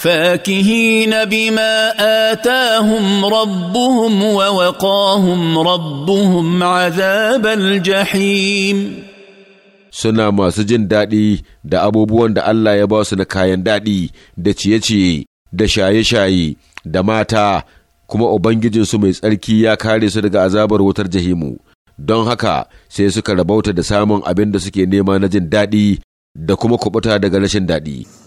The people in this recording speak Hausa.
فاكهين بما اتاهم ربهم ووقاهم ربهم عذاب الجحيم suna masu jin daɗi da abubuwan da Allah ya ba su na kayan daɗi da ciye-ciye da shaye-shaye da mata kuma Ubangijinsu mai tsarki ya kare su daga azabar wutar jahimu don haka sai suka rabauta da samun abin da suke nema na jin daɗi da kuma kubuta daga rashin daɗi.